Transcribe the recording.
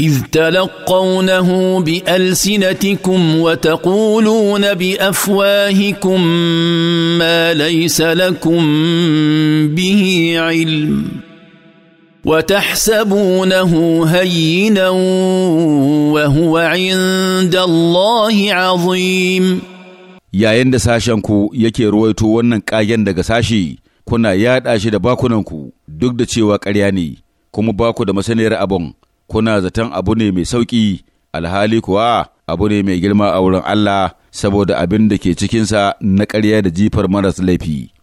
اذ تلقونه بالسنتكم bi بافواهكم ما ليس لكم به علم وتحسبونه هينا وهو عند الله عظيم yayin da sashenku yake ruwaito wannan ƙagen daga sashi kuna yaɗa shi da bakunanku duk da cewa ƙarya ne kuma baku da masaniyar abun kuna zaton abu ne mai sauƙi, alhali kuwa abu ne mai girma a wurin Allah saboda abin da ke cikinsa na ƙarya da jifar maras laifi.